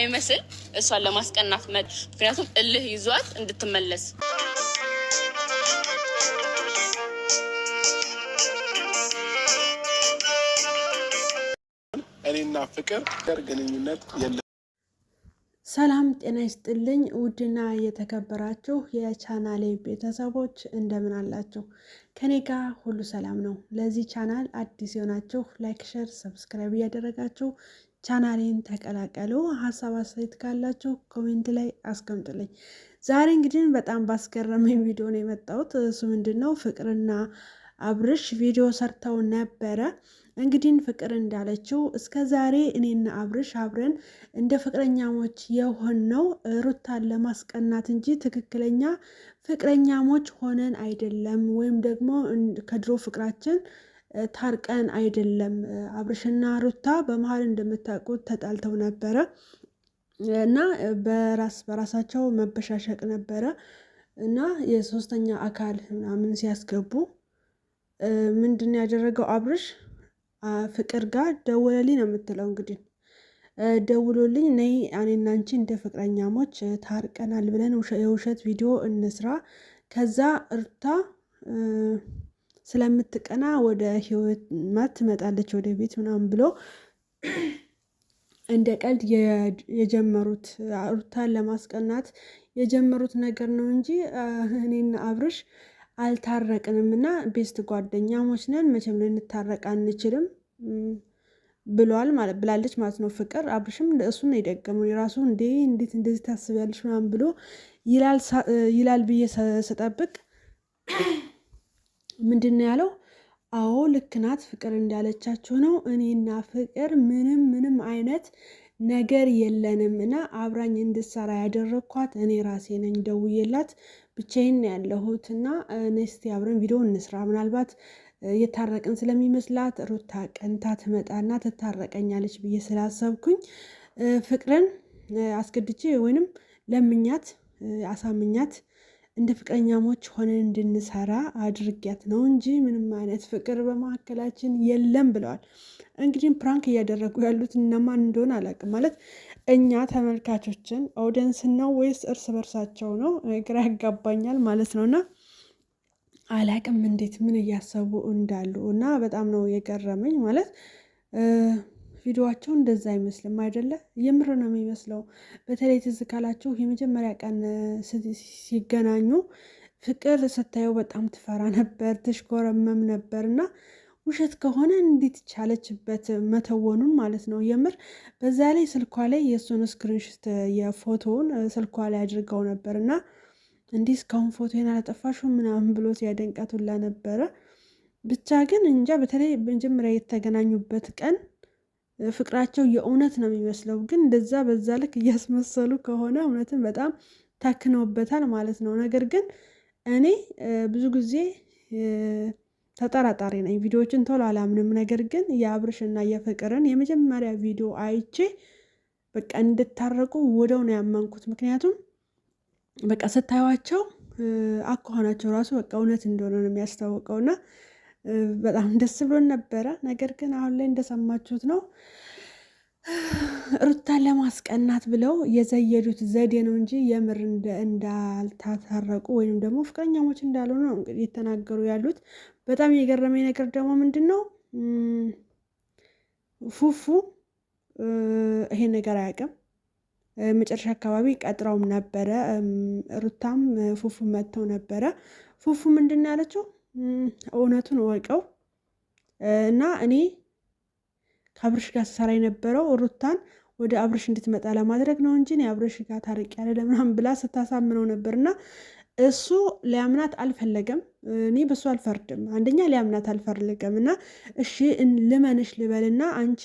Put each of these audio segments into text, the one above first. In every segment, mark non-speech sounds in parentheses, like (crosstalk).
አይመስል እሷን ለማስቀናት ምክንያቱም እልህ ይዟት እንድትመለስ እኔና ፍቅር ገር ግንኙነት የለም። ሰላም ጤና ይስጥልኝ። ውድና የተከበራችሁ የቻናሌ ቤተሰቦች እንደምን አላችሁ? ከኔ ጋር ሁሉ ሰላም ነው። ለዚህ ቻናል አዲስ የሆናችሁ ላይክ፣ ሸር፣ ሰብስክራይብ እያደረጋችሁ ቻናሌን ተቀላቀሉ። ሀሳብ አስተያየት ካላችሁ ኮሜንት ላይ አስቀምጡልኝ። ዛሬ እንግዲህ በጣም ባስገረመኝ ቪዲዮ ነው የመጣሁት። እሱ ምንድን ነው ፍቅርና አብርሽ ቪዲዮ ሰርተው ነበረ። እንግዲህ ፍቅር እንዳለችው እስከ ዛሬ እኔና አብርሽ አብረን እንደ ፍቅረኛሞች የሆነው ሩታን ለማስቀናት እንጂ ትክክለኛ ፍቅረኛሞች ሆነን አይደለም፣ ወይም ደግሞ ከድሮ ፍቅራችን ታርቀን አይደለም። አብርሽና ሩታ በመሀል እንደምታውቁት ተጣልተው ነበረ እና በራስ በራሳቸው መበሻሸቅ ነበረ እና የሶስተኛ አካል ምናምን ሲያስገቡ ምንድን ያደረገው አብርሽ ፍቅር ጋር ደውለልኝ ነው የምትለው እንግዲህ ደውሎልኝ ነይ እኔና አንቺ እንደ ፍቅረኛሞች ታርቀናል ብለን የውሸት ቪዲዮ እንስራ ከዛ እርታ ስለምትቀና ወደ ህይወት ማት ትመጣለች ወደ ቤት ምናምን ብሎ (clears throat) እንደ ቀልድ የጀመሩት ሩታን ለማስቀናት የጀመሩት ነገር ነው እንጂ እኔና አብርሽ አልታረቅንም እና ቤስት ጓደኛሞች ነን፣ መቼም ልንታረቅ አንችልም ብሏል ብላለች ማለት ነው። ፍቅር አብርሽም እሱን የደገመው የራሱ እንዴ እንዴት እንደዚህ ታስቢያለሽ ምናምን ብሎ ይላል ብዬ ስጠብቅ (clears throat) ምንድን ነው ያለው? አዎ ልክ ናት ፍቅር እንዳለቻችሁ ነው። እኔና ፍቅር ምንም ምንም አይነት ነገር የለንም እና አብራኝ እንድሰራ ያደረግኳት እኔ ራሴ ነኝ። ደውዬላት ብቻዬን ያለሁት እና ነስቲ አብረን ቪዲዮ እንስራ ምናልባት የታረቅን ስለሚመስላት ሩታ ቀንታ ትመጣና ትታረቀኛለች ብዬ ስላሰብኩኝ ፍቅርን አስገድቼ ወይንም ለምኛት አሳምኛት እንደ ፍቅረኛሞች ሆነን እንድንሰራ አድርጊያት ነው እንጂ ምንም አይነት ፍቅር በመካከላችን የለም ብለዋል። እንግዲህ ፕራንክ እያደረጉ ያሉት እነማን እንደሆነ አላውቅም። ማለት እኛ ተመልካቾችን ኦዲየንስ ነው ወይስ እርስ በርሳቸው ነው? ግራ ያጋባኛል ማለት ነው እና አላቅም እንዴት ምን እያሰቡ እንዳሉ እና በጣም ነው የገረመኝ ማለት ቪዲዮዋቸው እንደዛ አይመስልም አይደለ? የምር ነው የሚመስለው። በተለይ ትዝ ካላችሁ የመጀመሪያ ቀን ሲገናኙ ፍቅር ስታየው በጣም ትፈራ ነበር፣ ትሽኮረመም ነበር እና ውሸት ከሆነ እንዴት ቻለችበት መተወኑን ማለት ነው። የምር በዛ ላይ ስልኳ ላይ የእሱን ስክሪንሽት የፎቶውን ስልኳ ላይ አድርገው ነበር እና እንዲህ እስካሁን ፎቶን አላጠፋሹ ምናምን ብሎት ያደንቀቱላ ነበረ። ብቻ ግን እንጃ በተለይ መጀመሪያ የተገናኙበት ቀን ፍቅራቸው የእውነት ነው የሚመስለው። ግን እንደዛ በዛ ልክ እያስመሰሉ ከሆነ እውነትን በጣም ታክነውበታል ማለት ነው። ነገር ግን እኔ ብዙ ጊዜ ተጠራጣሪ ነኝ፣ ቪዲዮዎችን ቶሎ አላምንም። ነገር ግን የአብርሽና የፍቅርን የመጀመሪያ ቪዲዮ አይቼ በቃ እንድታረቁ ወደው ነው ያመንኩት። ምክንያቱም በቃ ስታዩቸው አኳኋናቸው ራሱ በቃ እውነት እንደሆነ ነው የሚያስታውቀውና በጣም ደስ ብሎን ነበረ። ነገር ግን አሁን ላይ እንደሰማችሁት ነው ሩታን ለማስቀናት ብለው የዘየዱት ዘዴ ነው እንጂ የምር እንዳልታታረቁ ወይም ደግሞ ፍቅረኛሞች እንዳልሆኑ ነው እንግዲህ የተናገሩ ያሉት። በጣም የገረመኝ ነገር ደግሞ ምንድን ነው ፉፉ ይሄ ነገር አያውቅም። መጨረሻ አካባቢ ቀጥረውም ነበረ ሩታም ፉፉ መጥተው ነበረ። ፉፉ ምንድን ነው ያለችው? እውነቱን ወቀው እና እኔ ከአብርሽ ጋር ስሰራ የነበረው ሩታን ወደ አብርሽ እንድትመጣ ለማድረግ ነው እንጂ የአብርሽ ጋር ታርቅ ያለ ለምናም ብላ ስታሳምነው ነበርና እሱ ሊያምናት አልፈለገም። እኔ በሱ አልፈርድም። አንደኛ ሊያምናት አልፈልገም እና እሺ ልመንሽ ልበልና አንቺ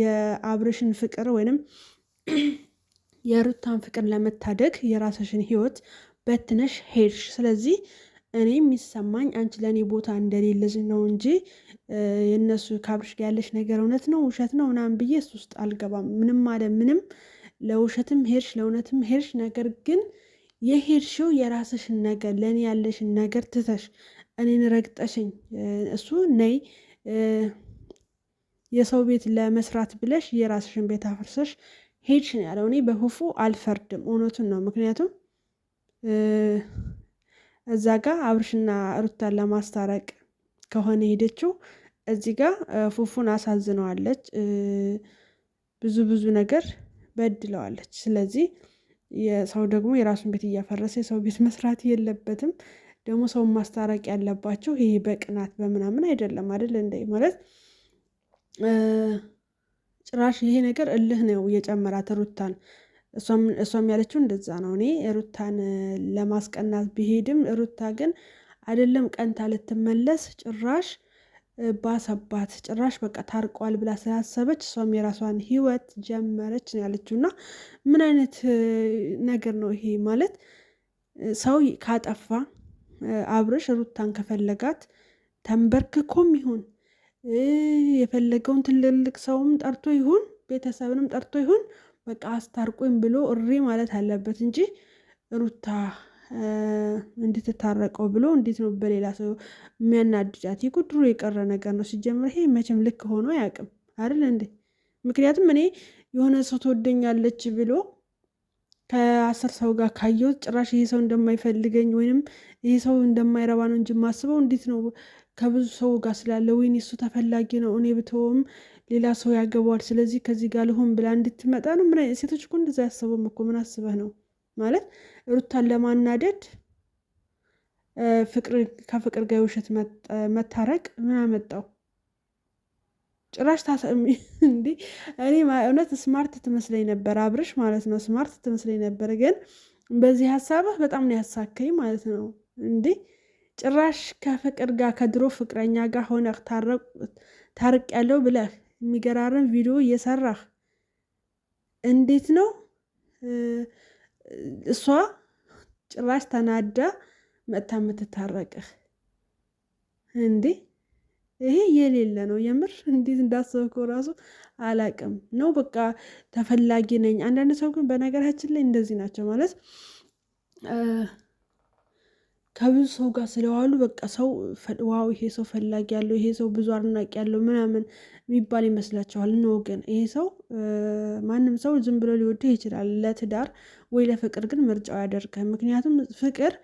የአብርሽን ፍቅር ወይንም የሩታን ፍቅር ለመታደግ የራስሽን ህይወት በትነሽ ሄድሽ። ስለዚህ እኔ የሚሰማኝ አንቺ ለእኔ ቦታ እንደሌለሽ ነው እንጂ የእነሱ ካብርሽ ጋር ያለሽ ነገር እውነት ነው ውሸት ነው ምናምን ብዬ እሱ ውስጥ አልገባም። ምንም አለ ምንም፣ ለውሸትም ሄድሽ ለእውነትም ሄድሽ። ነገር ግን የሄድሽው የራስሽን ነገር ለእኔ ያለሽን ነገር ትተሽ እኔን ረግጠሽኝ እሱ ነይ የሰው ቤት ለመስራት ብለሽ የራስሽን ቤት አፍርሰሽ ሄድሽ ነው ያለው። እኔ በፉፉ አልፈርድም፣ እውነቱን ነው ምክንያቱም እዛ ጋር አብርሽና ሩታን ለማስታረቅ ከሆነ ሄደችው፣ እዚ ጋር ፉፉን አሳዝነዋለች፣ ብዙ ብዙ ነገር በድለዋለች። ስለዚህ የሰው ደግሞ የራሱን ቤት እያፈረሰ የሰው ቤት መስራት የለበትም። ደግሞ ሰውን ማስታረቅ ያለባቸው ይሄ በቅናት በምናምን አይደለም አይደል? እንደ ማለት ጭራሽ ይሄ ነገር እልህ ነው የጨመራት ሩታን እሷም ያለችው እንደዛ ነው። እኔ ሩታን ለማስቀናት ብሄድም ሩታ ግን አይደለም ቀንታ ልትመለስ ጭራሽ ባሰባት ጭራሽ በቃ ታርቋል ብላ ስላሰበች እሷም የራሷን ህይወት ጀመረች ነው ያለችው። እና ምን አይነት ነገር ነው ይሄ? ማለት ሰው ካጠፋ አብርሽ ሩታን ከፈለጋት ተንበርክኮም ይሁን የፈለገውን ትልልቅ ሰውም ጠርቶ ይሁን ቤተሰብንም ጠርቶ ይሁን በቃ አስታርቁኝ ብሎ እሪ ማለት አለበት እንጂ ሩታ እንድትታረቀው ብሎ እንዴት ነው በሌላ ሰው የሚያናድዳት? ይህ ድሮ የቀረ ነገር ነው። ሲጀምር ይሄ መቼም ልክ ሆኖ አያውቅም አይደል እንዴ? ምክንያቱም እኔ የሆነ ሰው ትወደኛለች ብሎ ከአስር ሰው ጋር ካየሁት ጭራሽ ይሄ ሰው እንደማይፈልገኝ ወይንም ይሄ ሰው እንደማይረባ ነው እንጂ ማስበው እንዴት ነው ከብዙ ሰው ጋር ስላለ ወይን እሱ ተፈላጊ ነው፣ እኔ ብተውም ሌላ ሰው ያገባዋል፣ ስለዚህ ከዚህ ጋር ልሆን ብላ እንድትመጣ ነው። ምን ሴቶች እኮ እንደዛ ያሰቡም እኮ ምን አስበህ ነው ማለት ሩታን ለማናደድ ፍቅር ከፍቅር ጋር የውሸት መታረቅ ምን አመጣው? ጭራሽ ታሰሚ (laughs) እንዴ! እኔ እውነት ስማርት ትመስለኝ ነበር፣ አብርሽ ማለት ነው። ስማርት ትመስለኝ ነበር፣ ግን በዚህ ሀሳብህ በጣም ነው ያሳከኝ ማለት ነው። እንዴ ጭራሽ ከፍቅር ጋር ከድሮ ፍቅረኛ ጋር ሆነህ ታርቅ ያለው ብለህ የሚገራርን ቪዲዮ እየሰራህ እንዴት ነው እሷ ጭራሽ ተናዳ መታ የምትታረቅህ እንዴ? ይሄ የሌለ ነው። የምር እንዴት እንዳሰብከው ራሱ አላቅም ነው። በቃ ተፈላጊ ነኝ። አንዳንድ ሰው ግን በነገራችን ላይ እንደዚህ ናቸው ማለት ከብዙ ሰው ጋር ስለዋሉ በቃ ሰው ዋው ይሄ ሰው ፈላጊ ያለው ይሄ ሰው ብዙ አድናቂ ያለው ምናምን የሚባል ይመስላቸዋል። ኖ ግን ይሄ ሰው ማንም ሰው ዝም ብሎ ሊወድህ ይችላል። ለትዳር ወይ ለፍቅር ግን ምርጫው ያደርገ ምክንያቱም ፍቅር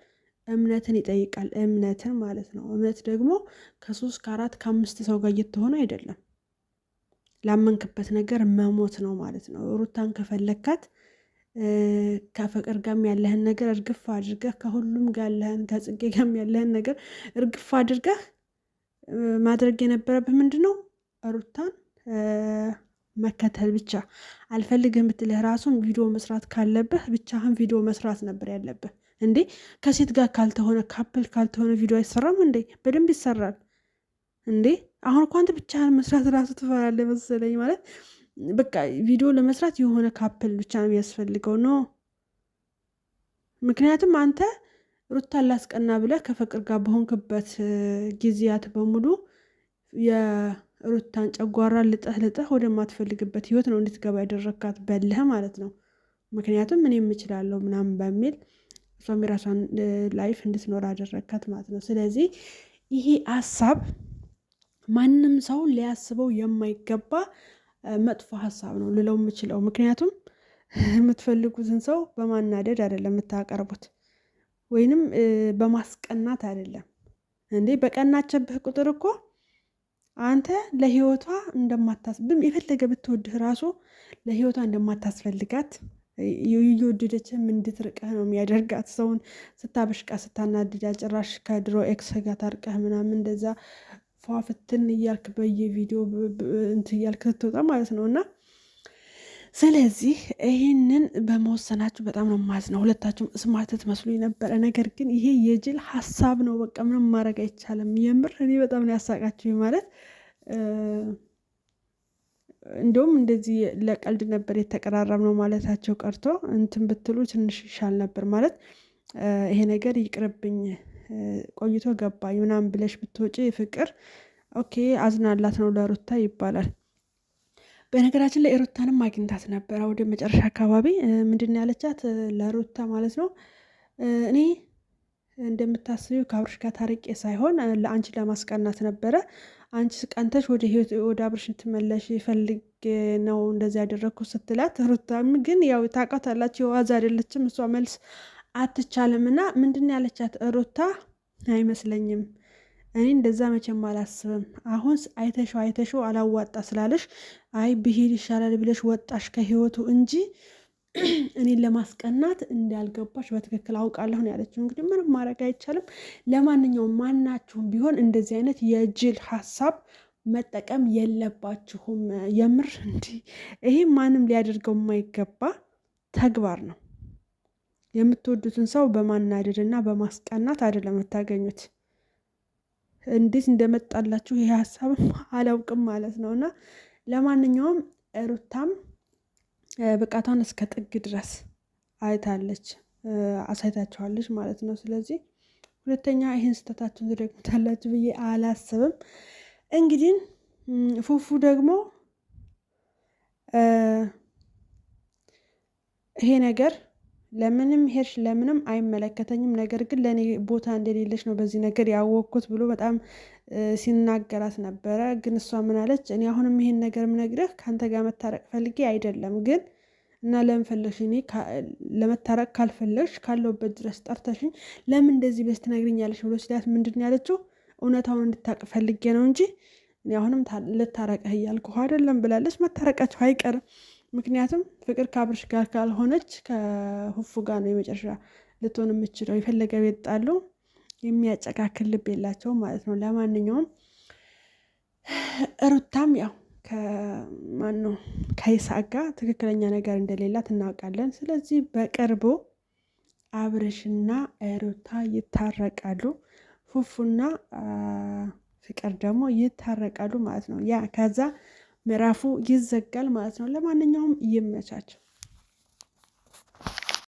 እምነትን ይጠይቃል። እምነትን ማለት ነው። እምነት ደግሞ ከሶስት ከአራት ከአምስት ሰው ጋር እየተሆነ አይደለም። ላመንክበት ነገር መሞት ነው ማለት ነው። ሩታን ከፈለግካት ከፍቅር ጋም ያለህን ነገር እርግፍ አድርገህ ከሁሉም ጋር ያለህን ከጽጌ ጋም ያለህን ነገር እርግፍ አድርገህ ማድረግ የነበረብህ ምንድን ነው? ሩታን መከተል ብቻ። አልፈልግህም ብትልህ ራሱን ቪዲዮ መስራት ካለብህ ብቻህን ቪዲዮ መስራት ነበር ያለብህ። እንዴ ከሴት ጋር ካልተሆነ ካፕል ካልተሆነ ቪዲዮ አይሰራም እንዴ? በደንብ ይሰራል እንዴ። አሁን እኮ አንተ ብቻህን መስራት ራሱ ትፈራለህ መሰለኝ። ማለት በቃ ቪዲዮ ለመስራት የሆነ ካፕል ብቻ ነው የሚያስፈልገው ነው። ምክንያቱም አንተ ሩታን ላስቀና ብለህ ከፍቅር ጋር በሆንክበት ጊዜያት በሙሉ የሩታን ጨጓራ ልጠህ ልጠህ ወደማትፈልግበት ህይወት ነው እንድትገባ ያደረግካት በልህ ማለት ነው። ምክንያቱም እኔ የምችላለሁ ምናምን በሚል እሷም የራሷን ላይፍ እንድትኖር አደረግካት ማለት ነው። ስለዚህ ይሄ ሀሳብ ማንም ሰው ሊያስበው የማይገባ መጥፎ ሀሳብ ነው ልለው የምችለው። ምክንያቱም የምትፈልጉትን ሰው በማናደድ አይደለም የምታቀርቡት፣ ወይንም በማስቀናት አይደለም። እንዴ በቀናቸብህ ቁጥር እኮ አንተ ለህይወቷ እንደማታስ የፈለገ ብትወድህ ራሱ ለህይወቷ እንደማታስፈልጋት እየወደደችም እንድትርቀህ ነው የሚያደርጋት። ሰውን ስታበሽቃ ስታናድዳ ጭራሽ ከድሮ ኤክስ ጋር ታርቀህ ምናምን እንደዛ ፏፍትን እያልክ በየቪዲዮ እንትን እያልክ ስትወጣ ማለት ነው እና ስለዚህ ይህንን በመወሰናችሁ በጣም ነው የማዝነው። ሁለታችሁም ስማርት ትመስሉ የነበረ ነገር ግን ይሄ የጅል ሀሳብ ነው። በቃ ምንም ማድረግ አይቻልም። የምር እኔ በጣም ነው ያሳቃችሁ ማለት እንዲሁም እንደዚህ ለቀልድ ነበር የተቀራረብ ነው ማለታቸው ቀርቶ እንትን ብትሉ ትንሽ ይሻል ነበር ማለት ይሄ ነገር ይቅርብኝ ቆይቶ ገባኝ ምናምን ብለሽ ብትወጪ ፍቅር ኦኬ አዝናላት ነው ለሩታ ይባላል። በነገራችን ላይ ሩታንም አግኝታት ነበር። ወደ መጨረሻ አካባቢ ምንድን ያለቻት ለሩታ ማለት ነው እኔ እንደምታስቢው ከአብርሽ ጋር ታርቄ ሳይሆን ለአንቺ ለማስቀናት ነበረ አንቺ ቀንተሽ ወደ ህይወት ወደ አብርሽ ትመለሽ ይፈልግ ነው እንደዚህ ያደረግኩ ስትላት፣ ሩታም ግን ያው ታውቃታላችሁ የዋዛ አይደለችም እሷ መልስ አትቻልም። እና ምንድን ያለቻት ሩታ አይመስለኝም እኔ እንደዛ መቼም አላስብም። አሁን አይተሽው አይተሽው አላዋጣ ስላለሽ አይ ብሄድ ይሻላል ብለሽ ወጣሽ ከህይወቱ እንጂ (clears throat) እኔን ለማስቀናት እንዳልገባሽ በትክክል አውቃለሁ ነው ያለችው። እንግዲህ ምንም ማድረግ አይቻልም። ለማንኛውም ማናችሁም ቢሆን እንደዚህ አይነት የጅል ሀሳብ መጠቀም የለባችሁም። የምር እንዲህ ይሄ ማንም ሊያደርገው የማይገባ ተግባር ነው። የምትወዱትን ሰው በማናደድ እና በማስቀናት አይደለም የምታገኙት። እንዴት እንደመጣላችሁ ይሄ ሀሳብም አላውቅም ማለት ነው እና ለማንኛውም ሩታም ብቃቷን እስከ ጥግ ድረስ አይታለች አሳይታቸዋለች ማለት ነው። ስለዚህ ሁለተኛ ይህን ስህተታችሁን ትደግሙታላችሁ ብዬ አላስብም። እንግዲህ ፉፉ ደግሞ ይሄ ነገር ለምንም ሄድሽ ለምንም አይመለከተኝም፣ ነገር ግን ለእኔ ቦታ እንደሌለች ነው በዚህ ነገር ያወቅኩት ብሎ በጣም ሲናገራት ነበረ። ግን እሷ ምን አለች? እኔ አሁንም ይሄን ነገር ምነግርህ ከአንተ ጋር መታረቅ ፈልጌ አይደለም ግን እና ለምን ፈለግሽ? እኔ ለመታረቅ ካልፈለግሽ ካለውበት ድረስ ጠርተሽኝ ለምን እንደዚህ ብለሽ ትነግሪኛለሽ? ብሎ ሲላት ምንድን ያለችው እውነታውን እንድታቅ ፈልጌ ነው እንጂ እኔ አሁንም ልታረቀህ እያልኩህ አይደለም ብላለች። መታረቃቸው አይቀርም። ምክንያቱም ፍቅር ከአብርሽ ጋር ካልሆነች ከሁፉ ጋር ነው የመጨረሻ ልትሆን የምችለው። የፈለገ ቤት ጣሉ የሚያጨካክል ልብ የላቸውም ማለት ነው። ለማንኛውም እሩታም ያው ከማን ነው ከይስሐቅ ጋር ትክክለኛ ነገር እንደሌላ እናውቃለን። ስለዚህ በቅርቡ አብርሽና ሩታ ይታረቃሉ፣ ፉፉና ፍቅር ደግሞ ይታረቃሉ ማለት ነው ያ ከዛ ምዕራፉ ይዘጋል ማለት ነው። ለማንኛውም ይመቻቸው።